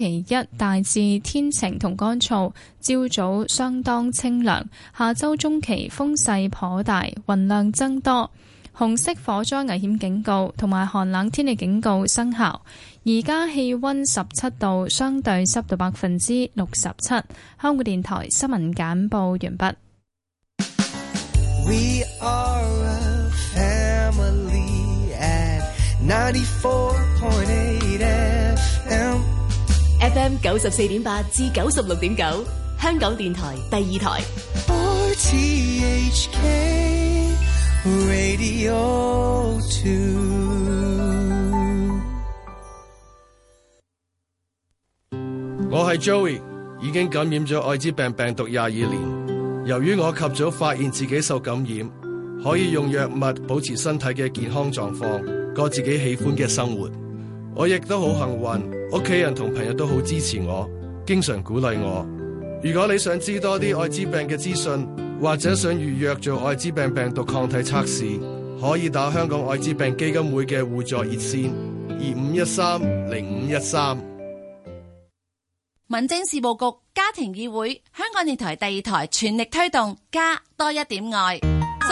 其一，大致天晴同乾燥，朝早相當清涼。下周中期風勢頗大，雲量增多，紅色火災危險警告同埋寒冷天氣警告生效。而家氣溫十七度，相對濕度百分之六十七。香港電台新聞簡報完畢。FM 九十四點八至九十六點九，9, 香港電台第二台。Radio Two 我係 Joey，已經感染咗艾滋病病毒廿二年。由於我及早發現自己受感染，可以用藥物保持身體嘅健康狀況，過自己喜歡嘅生活。我亦都好幸運。屋企人同朋友都好支持我，經常鼓勵我。如果你想知多啲艾滋病嘅資訊，或者想預約做艾滋病病毒抗體測試，可以打香港艾滋病基金會嘅互助熱線二五一三零五一三。民政事務局家庭議會，香港電台第二台全力推動，加多一點愛。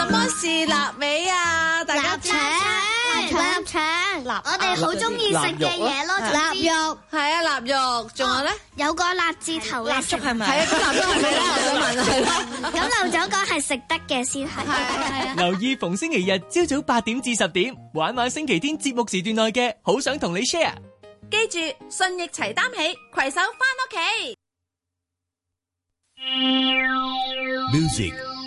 什麼是臘味啊？大家知唔知？臘腸，臘腸，我哋好中意食嘅嘢咯，臘肉。係啊，臘肉。仲有咧？有個臘字頭咧，蠟燭係咪？係啊，臘肉係咪？我想問啦。有漏咗個，係食得嘅先係。係啊係啊。留意逢星期日朝早八點至十點，玩玩星期天節目時段內嘅好想同你 share。記住，信義齊擔起，攜手翻屋企。Music。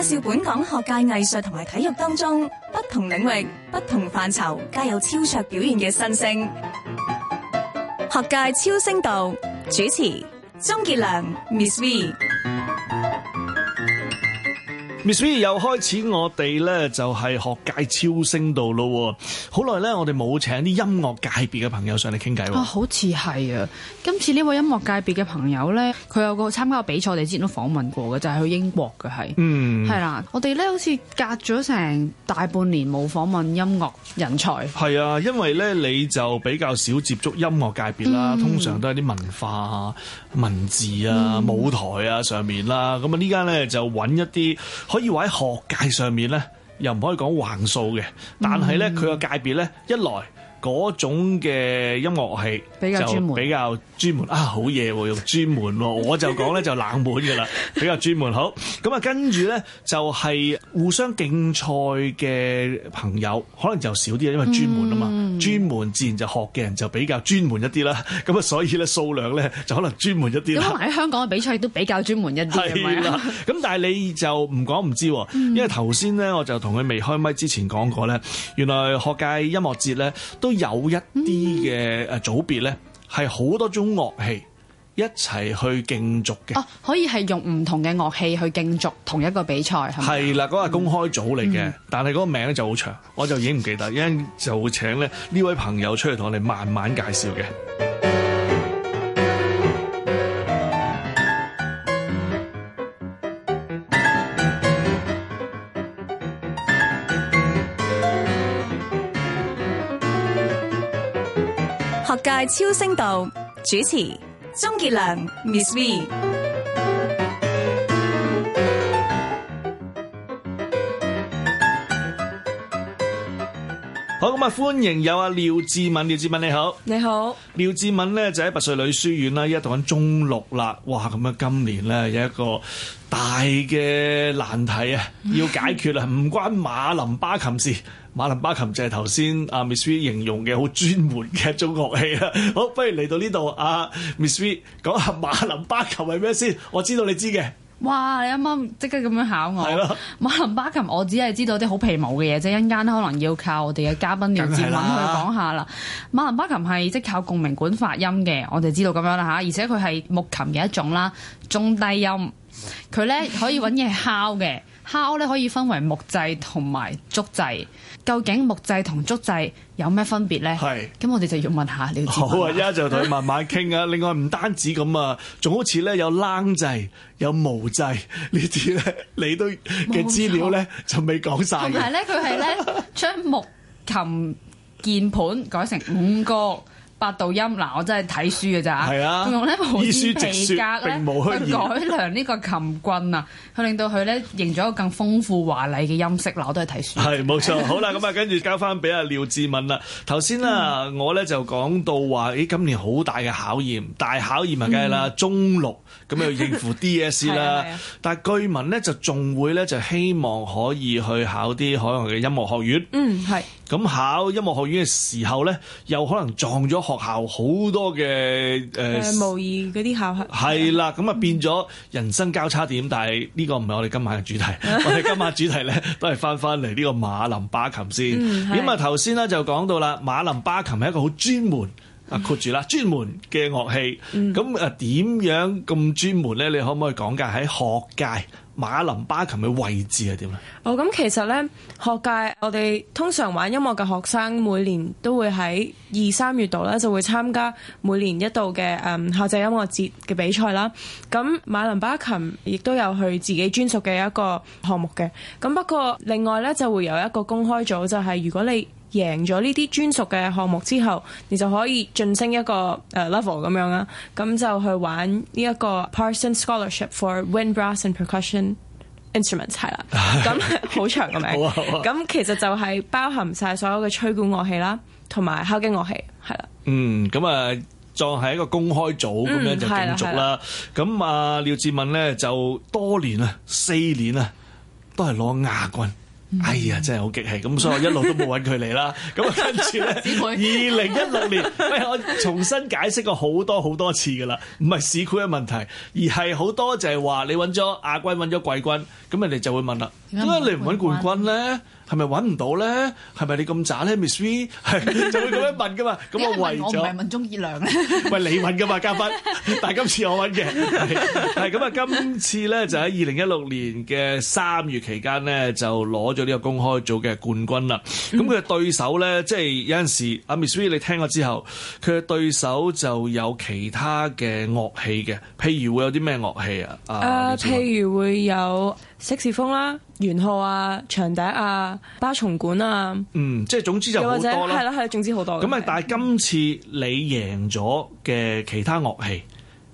介紹本港學界、藝術同埋體育當中不同領域、不同範疇皆有超卓表現嘅新星。學界超聲道主持鍾傑良，Miss V。Ms V，又開始我呢，我哋咧就係、是、學界超星度咯。好耐咧，我哋冇請啲音樂界別嘅朋友上嚟傾偈喎。好似係啊！今次呢位音樂界別嘅朋友咧，佢有個參加個比賽，我哋之前都訪問過嘅，就係、是、去英國嘅，係。嗯。係啦，我哋咧好似隔咗成大半年冇訪問音樂人才。係啊、嗯，因為咧你就比較少接觸音樂界別啦，通常都係啲文化啊、文字啊、舞台啊上面啦。咁啊、嗯，嗯、呢家咧就揾一啲。可以話喺學界上面咧，又唔可以講橫數嘅，但係咧佢個界別咧，一來嗰種嘅音樂係比較專門就比較。專門啊，好嘢喎，用專門喎， 我就講咧就冷門嘅啦，比較專門好。咁啊，跟住咧就係、是、互相競賽嘅朋友，可能就少啲，因為專門啊嘛，嗯、專門自然就學嘅人就比較專門一啲啦。咁啊，所以咧數量咧就可能專門一啲。咁同埋喺香港嘅比賽都比較專門一啲，係咪？咁 但係你就唔講唔知，因為頭先咧我就同佢未開麥之前講過咧，原來學界音樂節咧都有一啲嘅誒組別咧。嗯係好多種樂器一齊去競逐嘅，哦，可以係用唔同嘅樂器去競逐同一個比賽，係咪？係啦，嗰個公開組嚟嘅，嗯、但係嗰個名就好長，我就已經唔記得，一陣就會請咧呢位朋友出嚟同我哋慢慢介紹嘅。超聲道主持鍾杰良 Miss Ms . V，好咁啊，歡迎有啊廖智敏，廖智敏你好。你好。你好，廖智敏咧就喺拔萃女書院啦，依家讀緊中六啦。哇！咁啊，今年咧有一個大嘅難題啊，要解決啦，唔 關馬林巴琴事。馬林巴琴就係頭先阿 Miss V 形容嘅好專門嘅中樂器啦。 好，不如嚟到呢度，阿 Miss V 講下馬林巴琴係咩先？我知道你知嘅。哇！你啱啱即刻咁樣考我。係咯的。馬林巴琴我只係知道啲好皮毛嘅嘢啫，一陣間可能要靠我哋嘅嘉賓嚟搵佢講下啦。馬林巴琴係即係靠共鳴管發音嘅，我哋知道咁樣啦嚇。而且佢係木琴嘅一種啦，中低音。佢咧可以揾嘢敲嘅，敲咧可以分為木製同埋竹製。究竟木製同竹製有咩分別咧？係咁是，我哋就要問下你問。好啊，而家就同你慢慢傾啊。 另外，唔單止咁啊，仲好似咧有冷製、有毛製錯呢啲咧，你都嘅資料咧就未講晒。同埋咧，佢係咧將木琴鍵盤改成五個。八度音嗱，我真係睇書嘅咋，啊，用呢無線皮革咧去改良呢個琴棍啊，去令到佢咧形成一個更豐富華麗嘅音色嗱，我都係睇書。係冇錯， 好啦，咁啊跟住交翻俾阿廖智敏啦。頭先啊，嗯、我咧就講到話，咦今年好大嘅考驗，大考驗啊，梗係啦，中六。咁要應付 DSE 啦， 但係據聞咧就仲會咧就希望可以去考啲海外嘅音樂學院。嗯，係。咁考音樂學院嘅時候咧，又可能撞咗學校好多嘅誒，模擬嗰啲考係啦。咁啊變咗人生交叉點，但係呢個唔係我哋今晚嘅主題。 我哋今晚主題咧都係翻翻嚟呢個馬林巴琴先。咁啊頭先咧就講到啦，馬林巴琴係一個好專門。啊，括住啦！呃、專門嘅樂器，咁啊點樣咁專門呢？你可唔可以講解？喺學界，馬林巴琴嘅位置係點呢？哦，咁其實呢，學界我哋通常玩音樂嘅學生，每年都會喺二三月度呢，就會參加每年一度嘅誒校際音樂節嘅比賽啦。咁馬林巴琴亦都有佢自己專屬嘅一個項目嘅。咁不過另外呢，就會有一個公開組，就係如果你。贏咗呢啲專屬嘅項目之後，你就可以晉升一個誒 level 咁樣啦。咁就去玩呢一個 Parsons Scholarship for Wind Brass and Percussion Instruments 係啦。咁 好長嘅名，咁、啊、其實就係包含晒所有嘅吹管樂器啦，同埋敲擊樂器係啦。嗯，咁啊，再係一個公開組咁樣、嗯、就競逐啦。咁啊，啊，啊，廖智敏咧就多年啊，四年啊都係攞亞軍。哎呀，真係好激氣咁，所以我一路都冇揾佢嚟啦。咁跟住咧，二零一六年，我重新解釋過好多好多次噶啦，唔係市區嘅問題，而係好多就係話你揾咗亞軍，揾咗季軍，咁人哋就會問啦，點解你唔揾冠軍咧？係咪揾唔到咧？係咪你咁渣咧，Ms V 係就會咁樣問噶嘛？咁 我為咗我唔係 問鍾傑良咧，咪 你問噶嘛，嘉賓？但今次我揾嘅係咁啊， 今次咧就喺二零一六年嘅三月期間咧就攞咗呢個公開組嘅冠軍啦。咁佢嘅對手咧，即係有陣時，阿 Ms V 你聽過之後，佢嘅對手就有其他嘅樂器嘅，譬如會有啲咩樂器啊？啊、uh, 呃，譬如會有。色士風啦，圓號啊，長笛啊，巴松管啊，嗯，即係總之就好多啦，係啦係，對對總之好多。咁啊是，但係今次你贏咗嘅其他樂器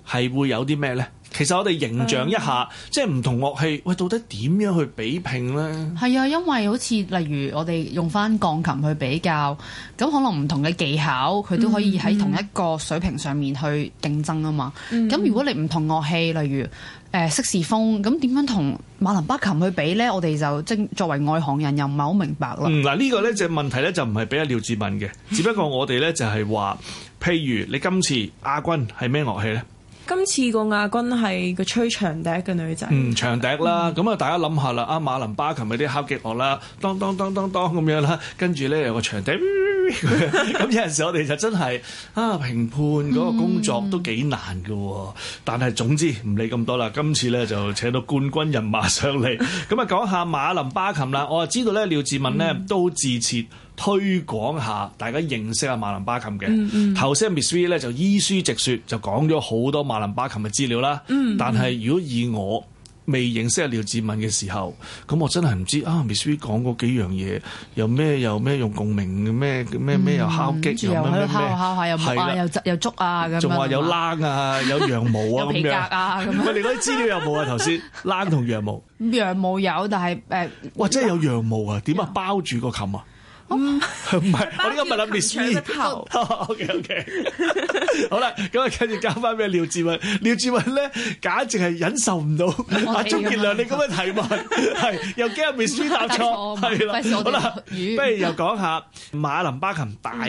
係會有啲咩咧？其實我哋形象一下，對即係唔同樂器，喂，到底點樣去比拼呢？係啊，因為好似例如我哋用翻鋼琴去比較，咁可能唔同嘅技巧，佢都可以喺同一個水平上面去競爭啊嘛。咁、嗯、如果你唔同樂器，例如誒色士風，咁點樣同馬林巴琴去比呢？我哋就即作為外行人又唔係好明白啦。嗱呢、嗯這個呢，就、這個、問題呢，就唔係俾阿廖智敏嘅，只不過我哋呢，就係、是、話，譬如你今次亞軍係咩樂器呢？今次個亞軍係個吹長笛嘅女仔，嗯，長笛啦，咁、嗯、啊，大家諗下啦，啊馬林巴琴嗰啲敲擊樂啦，噹噹噹噹噹咁樣啦，跟住咧有個長笛咕咕咕咕，咁 有陣時我哋就真係啊，評判嗰個工作都幾難㗎，但係總之唔理咁多啦，今次咧就請到冠軍人馬上嚟，咁啊 講下馬林巴琴啦，我啊知道咧廖智敏呢，都自設。推廣下大家認識下馬林巴琴嘅。頭先 Ms V 咧就依書直説就講咗好多馬林巴琴嘅資料啦。但係如果以我未認識廖智敏嘅時候，咁我真係唔知啊。Ms V 講嗰幾樣嘢又咩又咩用共鳴嘅咩咩咩又敲擊咁咩？敲下又又捉啊咁，仲話有冷啊，有羊毛啊，有皮革啊，啊咁。唔係你嗰啲資料有冇啊？頭先冷同羊毛。羊毛有，但係誒。哇！真係有羊毛啊？點啊？包住個琴啊？唔唔係，我呢個唔係諗 Miss V O K O K，好啦，咁啊，跟住交翻俾廖智敏。廖智敏咧，簡直係忍受唔到阿鍾傑良，你咁嘅提問，係又驚 Miss V 答錯，係啦，好啦，不如又講下馬林巴琴大概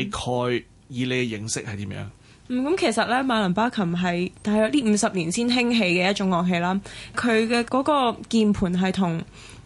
以你嘅認識係點樣？嗯，咁其實咧，馬林巴琴係大約呢五十年先興起嘅一種樂器啦。佢嘅嗰個鍵盤係同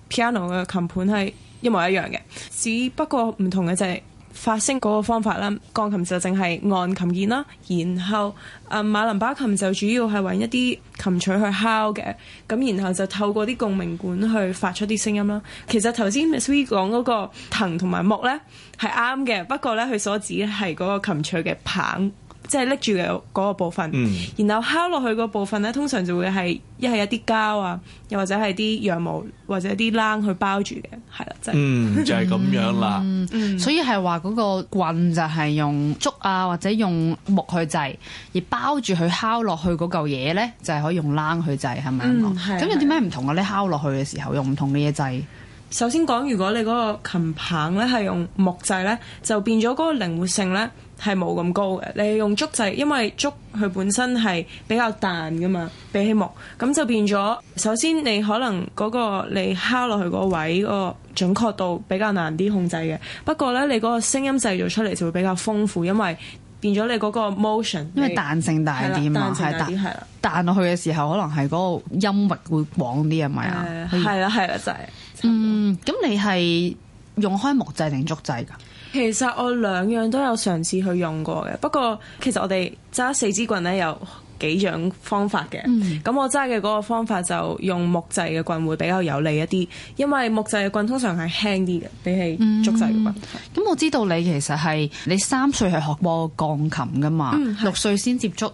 piano 嘅琴盤係。一模一樣嘅，只不過唔同嘅就係發聲嗰個方法啦。鋼琴就淨係按琴鍵啦，然後啊馬林巴琴就主要係揾一啲琴錘去敲嘅，咁然後就透過啲共鳴管去發出啲聲音啦。其實頭先 Ms V 講嗰個藤同埋木呢係啱嘅，不過呢，佢所指係嗰個琴錘嘅棒。即係拎住嘅嗰個部分，嗯、然後敲落去個部分咧，通常就會係一係一啲膠啊，又或者係啲羊毛或者啲冷去包住嘅，係啦，就是、嗯就係、是、咁樣啦。嗯嗯、所以係話嗰個棍就係用竹啊或者用木去製，而包住佢敲落去嗰嚿嘢咧，就係、是、可以用冷去製，係咪咁？有啲咩唔同啊？你敲落去嘅時候用唔同嘅嘢製。首先講，如果你嗰個琴棒咧係用木製咧，就變咗嗰個靈活性咧係冇咁高嘅。你用竹製，因為竹佢本身係比較彈噶嘛，比起木，咁就變咗。首先你可能嗰個你敲落去嗰個位嗰個準確度比較難啲控制嘅。不過咧，你嗰個聲音製造出嚟就會比較豐富，因為變咗你嗰個 motion，因為彈性大啲嘛，係大，係啦，彈落去嘅時候可能係嗰個音域會廣啲，係咪啊？係啦係啦就係。嗯，咁你係用開木製定竹製噶其實我兩樣都有嘗試去用過嘅。不過其實我哋揸四支棍咧有幾種方法嘅。咁、嗯、我揸嘅嗰個方法就用木製嘅棍會比較有利一啲，因為木製嘅棍通常係輕啲嘅，比起竹製嘅棍。咁、嗯對嗯、我知道你其實係你三歲係學過鋼琴噶嘛，嗯、六歲先接觸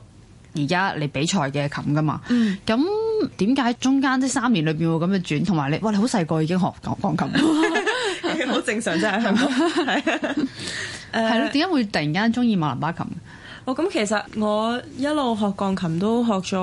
而家嚟比賽嘅琴噶嘛。咁、嗯嗯咁點解中間啲三年裏邊會咁樣轉？同埋你，哇！你好細個已經學鋼琴，好正常啫，真係。係咯，點解會突然間中意馬林巴琴？我咁、哦、其實我一路學鋼琴都學咗，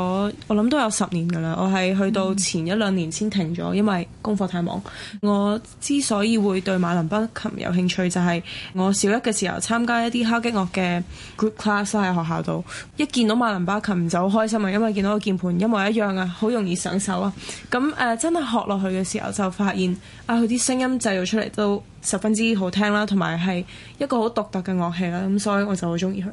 我諗都有十年㗎喇。我係去到前一兩年先停咗，因為功課太忙。我之所以會對馬林巴琴有興趣，就係、是、我小一嘅時候參加一啲敲擊樂嘅 group class 啦，喺學校度一見到馬林巴琴就好開心啊，因為見到個鍵盤一模一樣啊，好容易上手啊。咁誒、呃、真係學落去嘅時候就發現啊，佢啲聲音製造出嚟都十分之好聽啦，同埋係一個好獨特嘅樂器啦，咁所以我就好鍾意佢。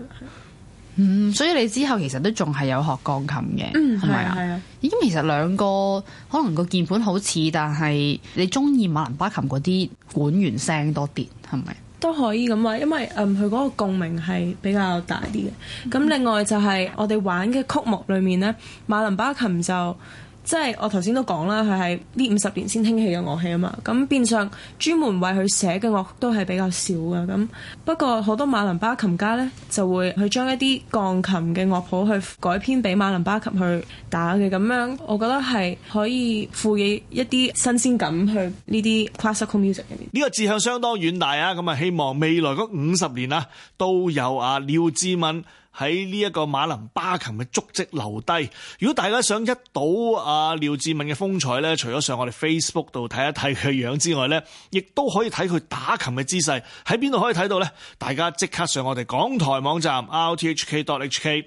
嗯，所以你之後其實都仲係有學鋼琴嘅，係咪啊？係啊，咁其實兩個可能個鍵盤好似，但係你鍾意馬林巴琴嗰啲管弦聲多啲，係咪？都可以咁話。因為嗯，佢嗰個共鳴係比較大啲嘅。咁另外就係我哋玩嘅曲目裏面呢，馬林巴琴就。即係我頭先都講啦，佢係呢五十年先興起嘅樂器啊嘛，咁變相專門為佢寫嘅樂曲都係比較少嘅咁。不過好多馬林巴琴家咧就會去將一啲鋼琴嘅樂譜去改編俾馬林巴琴去打嘅咁樣，我覺得係可以賦予一啲新鮮感去呢啲 classical music 入面。呢個志向相當遠大啊！咁啊，希望未來嗰五十年啊都有啊廖智敏。喺呢一個馬林巴琴嘅足跡留低。如果大家想一睹阿、啊、廖智敏嘅風采咧，除咗上我哋 Facebook 度睇一睇佢樣之外咧，亦都可以睇佢打琴嘅姿勢。喺邊度可以睇到咧？大家即刻上我哋港台網站 rthk.hk 咁啊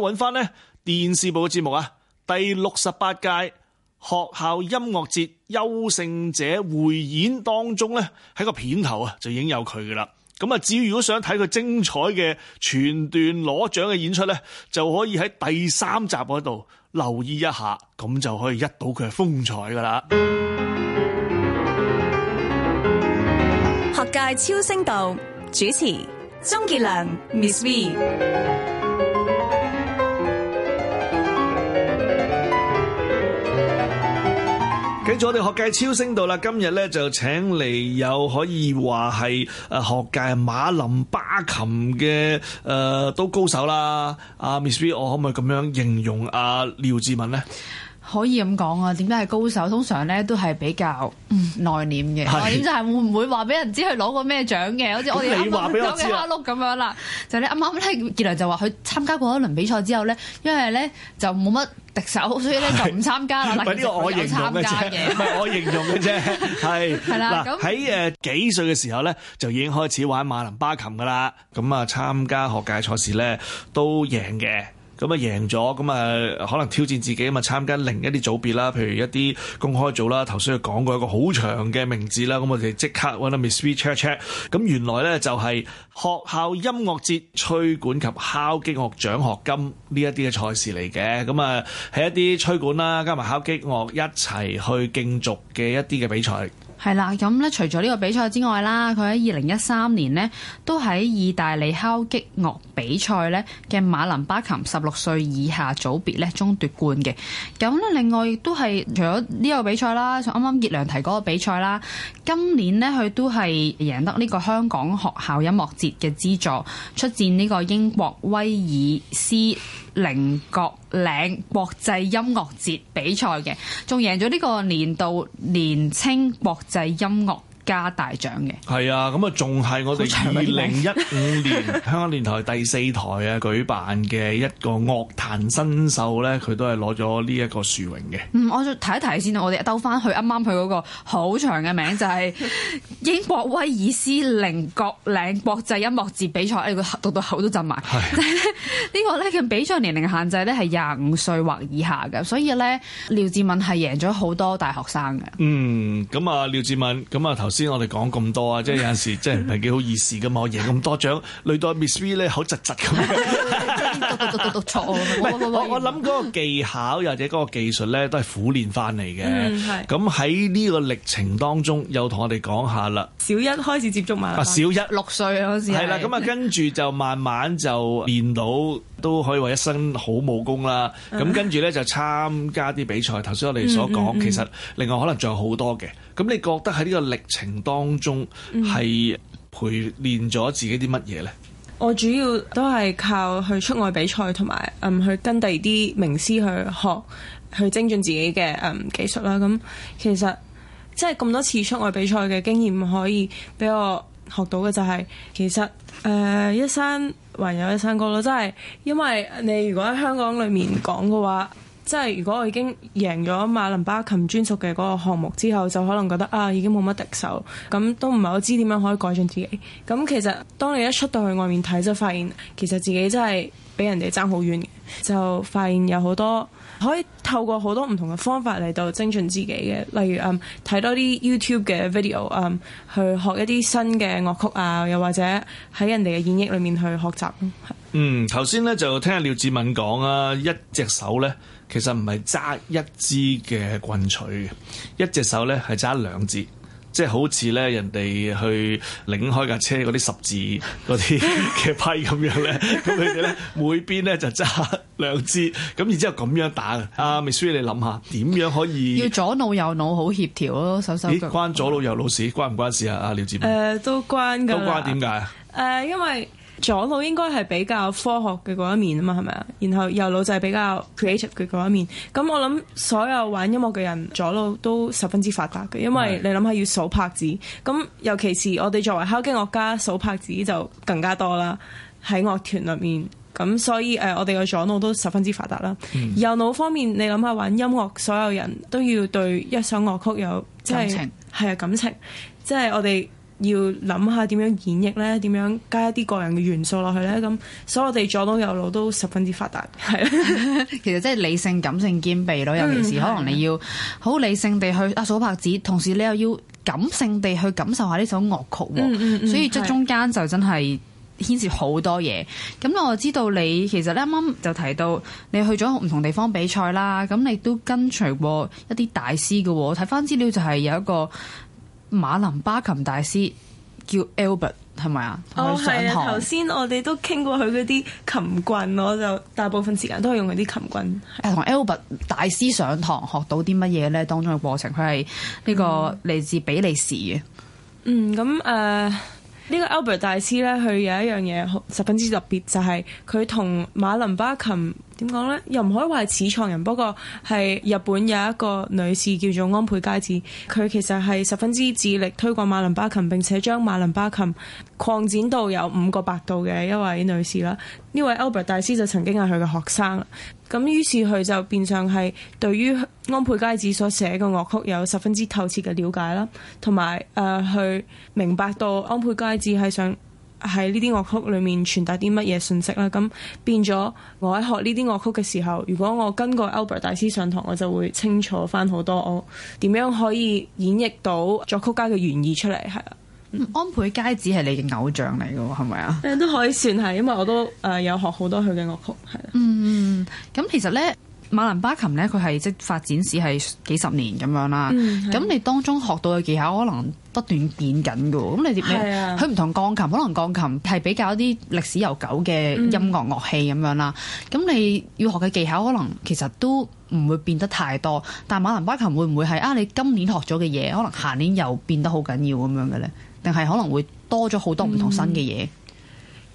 揾翻咧電視部嘅節目啊，第六十八屆學校音樂節優勝者匯演當中咧，喺個片頭啊就已經有佢噶啦。咁啊！至於如果想睇佢精彩嘅全段攞獎嘅演出咧，就可以喺第三集嗰度留意一下，咁就可以一睹佢嘅風采噶啦。學界超聲道主持鍾傑良，Miss V。繼續我哋學界超聲道啦，今日咧就請嚟有可以話係誒學界馬林巴琴嘅、誒、呃、都高手啦，阿 Miss B，我可唔可以咁樣形容阿廖智敏咧？可以咁講啊，點解係高手？通常咧都係比較內斂嘅，點就係會唔會話俾人知佢攞過咩獎嘅？好似我哋你話俾我聽啊！咁樣啦，就你啱啱咧，傑良就話佢參加過，過一輪比賽之後咧，因為咧就冇乜敵手，所以咧就唔參加啦。唔係呢個我形容嘅啫，唔係我形容嘅啫，係係啦。嗱喺誒幾歲嘅時候咧，就已經開始玩馬林巴琴噶啦。咁啊，參加學界賽事咧都贏嘅。咁啊贏咗，咁啊可能挑戰自己啊嘛，參加另一啲組別啦，譬如一啲公開組啦。頭先佢講過一個好長嘅名字啦，咁我哋即刻揾下 Ms V check check。咁原來咧就係學校音樂節吹管及敲擊樂獎學金呢一啲嘅賽事嚟嘅。咁啊係一啲吹管啦，加埋敲擊樂一齊去競逐嘅一啲嘅比賽。係啦，咁咧、嗯、除咗呢個比賽之外啦，佢喺二零一三年呢都喺意大利敲擊樂比賽咧嘅馬林巴琴十六歲以下組別咧中奪冠嘅。咁、嗯、咧另外亦都係除咗呢個比賽啦，就啱啱葉良提嗰個比賽啦，今年呢，佢都係贏得呢個香港學校音樂節嘅資助，出戰呢個英國威爾斯鄰國。領國際音樂節比賽嘅，仲贏咗呢個年度年青國際音樂。加大獎嘅，係啊，咁啊，仲係我哋二零一五年香港電台第四台啊舉辦嘅一個樂壇新秀咧，佢都係攞咗呢一個殊榮嘅。嗯，我再提一提，先我哋兜翻去啱啱佢嗰個好長嘅名就係、是、英國威爾斯靈格嶺國際音樂節比賽，呢、哎、個讀到口都震埋。係是，但係呢個咧佢比賽年齡限制咧係廿五歲或以下嘅，所以咧廖智敏係贏咗好多大學生嘅。嗯，咁啊廖智敏，咁啊頭。先我哋講咁多啊，即係有陣時即係唔係幾好意思噶嘛，我贏咁多獎，累到 Ms V 咧口窒窒咁。讀 唔係，我我諗嗰個技巧或者嗰個技術咧，都係苦練翻嚟嘅。咁喺呢個歷程當中，又同我哋講下啦。小一開始接觸嘛？啊，小一六歲嗰時。係啦，咁啊，跟住就慢慢就練到。都可以話一身好武功啦，咁、啊、跟住呢，就參加啲比賽。頭先我哋所講，嗯嗯嗯、其實另外可能仲有好多嘅。咁你覺得喺呢個歷程當中係培、嗯、練咗自己啲乜嘢呢？我主要都係靠去出外比賽同埋嗯去跟第二啲名師去學去精進自己嘅、嗯、技術啦。咁其實即係咁多次出外比賽嘅經驗，可以俾我學到嘅就係、是、其實誒、呃、一生。還有一生歌咯，即係因為你如果喺香港裏面講嘅話，即係如果我已經贏咗馬林巴琴專屬嘅嗰個項目之後，就可能覺得啊已經冇乜敵手，咁都唔係好知點樣可以改進自己。咁其實當你一出到去外面睇，就發現其實自己真係畀人哋爭好遠，就發現有好多，可以透過好多唔同嘅方法嚟到精進自己嘅，例如嗯，睇多啲 YouTube 嘅 video，嗯，去學一啲新嘅樂曲啊，又或者喺人哋嘅演繹裏面去學習。嗯，頭先咧就聽阿廖智敏講啊，一隻手咧其實唔係揸一支嘅棍槌，一隻手咧係揸兩支。即係好似咧，人哋去擰開架車嗰啲十字嗰啲嘅批咁樣咧，咁佢哋咧每邊咧就揸兩支，咁然之後咁樣打嘅。阿 m i c h 你諗下點樣可以？要左腦右腦好協調咯、啊，手手腳。關左腦右腦事關唔關事啊？阿廖志文。都關㗎。都關，點解啊？誒、呃，因為。左腦應該係比較科學嘅嗰一面啊嘛，係咪啊？然後右腦就係比較 creative 嘅嗰一面。咁我諗所有玩音樂嘅人，左腦都十分之發達嘅，因為你諗下要數拍子，咁尤其是我哋作為敲擊樂家，數拍子就更加多啦。喺樂團裏面，咁所以誒、呃，我哋嘅左腦都十分之發達啦。嗯、右腦方面，你諗下玩音樂，所有人都要對一首樂曲有即係，係、就、啊、係、感情，即係、啊就是、我哋。要諗下點樣演繹咧，點樣加一啲個人嘅元素落去咧？咁、嗯，所以我哋左腦右腦都十分之發達，係 其實即係理性、感性兼備咯，尤其是可能你要好理性地去啊、數拍子，同時你又要感性地去感受下呢首樂曲，嗯嗯嗯，所以喺中間就真係牽涉好多嘢。咁的我知道你其實咧啱啱就提到你去咗唔同地方比賽啦，咁你都跟隨過一啲大師嘅喎。睇翻資料就係有一個。馬林巴琴大師，叫 Albert 係咪啊？哦係啊，頭先我哋都傾過佢嗰啲琴棍，我就大部分時間都係用佢啲琴棍。係，同 Albert 大師上堂學到啲乜嘢咧？當中嘅過程，佢係呢個嚟自比利時嘅，嗯。嗯，咁誒。Uh 呢個 Albert 大師呢，佢有一樣嘢十分之特別，就係佢同馬林巴琴點講呢？又唔可以話係始創人，不過係日本有一個女士叫做安倍佳子，佢其實係十分之致力推廣馬林巴琴，並且將馬林巴琴擴展到有五個八度嘅一位女士啦。呢位 Albert 大師就曾經係佢嘅學生，咁於是佢就變相係對於安倍佳子所寫嘅樂曲有十分之透徹嘅了解啦，同埋誒去明白到安倍佳子係想喺呢啲樂曲裏面傳達啲乜嘢信息啦。咁變咗我喺學呢啲樂曲嘅時候，如果我跟個 Albert 大師上堂，我就會清楚翻好多我點樣可以演繹到作曲家嘅原意出嚟，係。安倍佳子係你嘅偶像嚟嘅喎，係咪啊？誒、嗯，都可以算係，因為我都誒有學好多佢嘅樂曲，係啦。 嗯，咁其實咧。馬林巴琴咧，佢係即發展史係幾十年咁樣啦。咁、嗯、你當中學到嘅技巧，可能不斷變緊㗎。咁你點咧？佢唔的同鋼琴，可能鋼琴係比較啲歷史悠久嘅音樂樂器咁樣啦。咁、嗯、你要學嘅技巧，可能其實都唔會變得太多。但馬林巴琴會唔會係啊？你今年學咗嘅嘢，可能下年又變得好緊要咁樣嘅咧？定係可能會多咗好多唔同新嘅嘢？嗯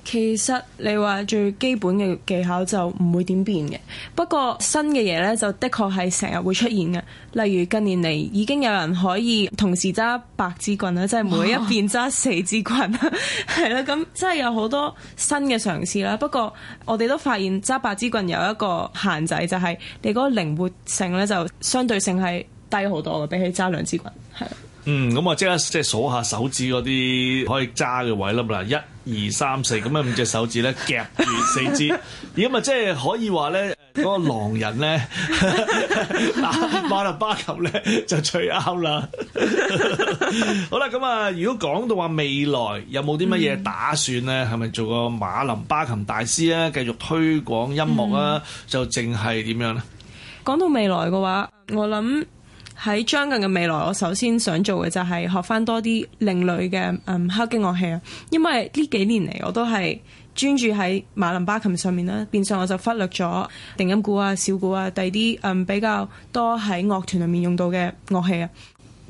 其實你話最基本嘅技巧就唔會點變嘅，不過新嘅嘢呢，就的確係成日會出現嘅。例如近年嚟已經有人可以同時揸八支棍啦，即係每一邊揸四支棍，係啦哇。咁即係有好多新嘅嘗試啦。不過我哋都發現揸八支棍有一個限制，就係你嗰個靈活性呢，就相對性係低好多嘅，比起揸兩支棍。係嗯，咁我即係即係數下手指嗰啲可以揸嘅位啦，一。二三四咁樣五隻手指咧，夾住四支，如果啊，即係可以話咧嗰個狼人咧、 啊，馬林巴琴咧就最啱啦。 好啦，咁啊，如果講到話未來有冇啲乜嘢打算咧，係咪、嗯、做個馬林巴琴大師啊，繼續推廣音樂啊，嗯、就淨係點樣咧？講到未來嘅話，我諗。喺將近嘅未來，我首先想做嘅就係學翻多啲另類嘅嗯敲擊樂器啊！因為呢幾年嚟我都係專注喺馬林巴琴上面啦，變相我就忽略咗定音鼓啊、小鼓啊、第二啲嗯比較多喺樂團入面用到嘅樂器啊！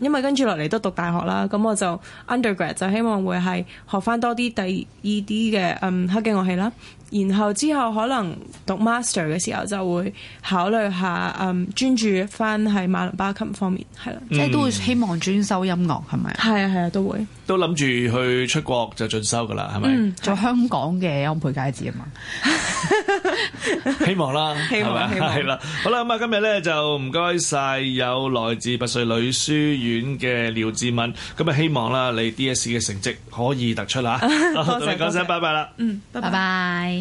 因為跟住落嚟都讀大學啦，咁我就 Undergrad 就希望會係學翻多啲第二啲嘅嗯敲擊樂器啦。然後之後可能讀 master 嘅時候就會考慮下，嗯、um，專注翻喺馬林巴琴方面係咯，即係都會希望專修音樂係咪？係啊係啊都會。都諗住去出國就進修噶、evet? mm, 啦，係咪？做香港嘅音培介子啊嘛，希望啦，希望啦，係啦，uh，好啦咁啊，今日咧就唔該晒有來自拔萃女書院嘅廖智敏，咁啊希望啦你 DSE 嘅成績可以突出啦，多謝多謝，拜拜啦，嗯，拜拜。Bye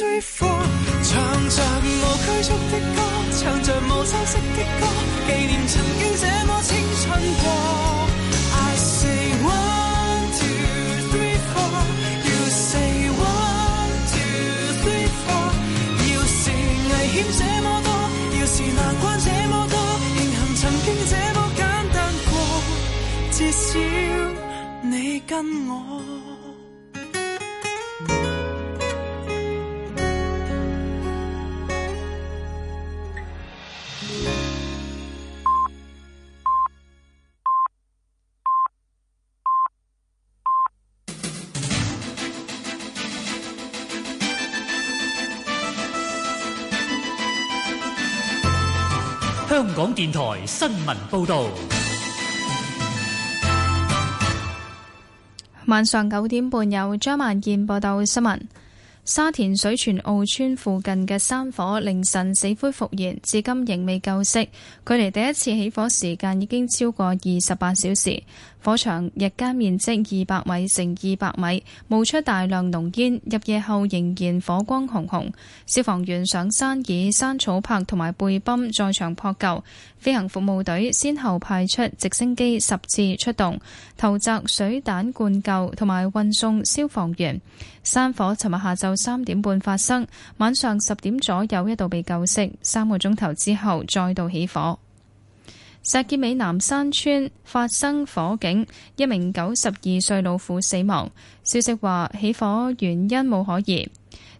Three，four，唱着無拘束的歌，唱着無聲息的歌，紀念曾經這麼青春過。I say one two three four，you say one two three four。要是危險這麼多，要是難關這麼多，慶幸曾經這麼簡單過，至少你跟我。電台新聞報道：晚上九點半，有張萬健報道新聞。沙田水泉澳村附近嘅山火，凌晨死灰復燃，至今仍未救熄。距離第一次起火時間已經超過二十八小時。火場日間面積二百米乘二百米，冒出大量濃煙。入夜後仍然火光熊熊。消防員上山以山草拍同埋背泵在場撲救。飛行服務隊先後派出直升機十次出動，投擲水彈灌救同埋運送消防員。山火尋日下晝三點半發生，晚上十點左右一度被救熄，三個鐘頭之後再度起火。石硤尾南山村發生火警，一名九十二歲老婦死亡。消息話起火原因冇可疑。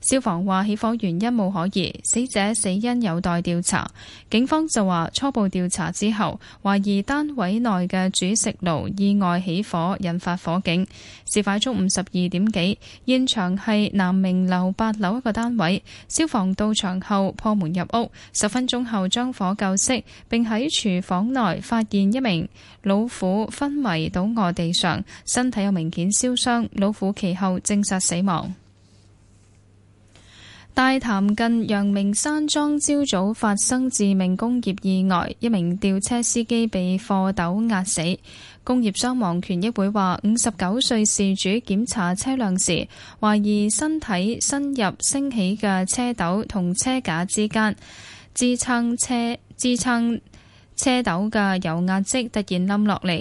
消防話起火原因冇可疑，死者死因有待調查。警方就話初步調查之後，懷疑單位內嘅煮食爐意外起火引發火警。事發中午十二點幾，現場係南明樓八樓一個單位。消防到場後破門入屋，十分鐘後將火救熄，並喺廚房內發現一名老虎昏迷倒臥地上，身體有明顯燒傷，老虎其後證實死亡。大潭近陽明山莊，朝早發生致命工業意外，一名吊車司機被貨斗壓死。工業傷亡權益會話，五十九歲事主檢查車輛時，懷疑身體伸入升起嘅車斗同車架之間，支撐車支撐車斗嘅油壓積突然冧落嚟。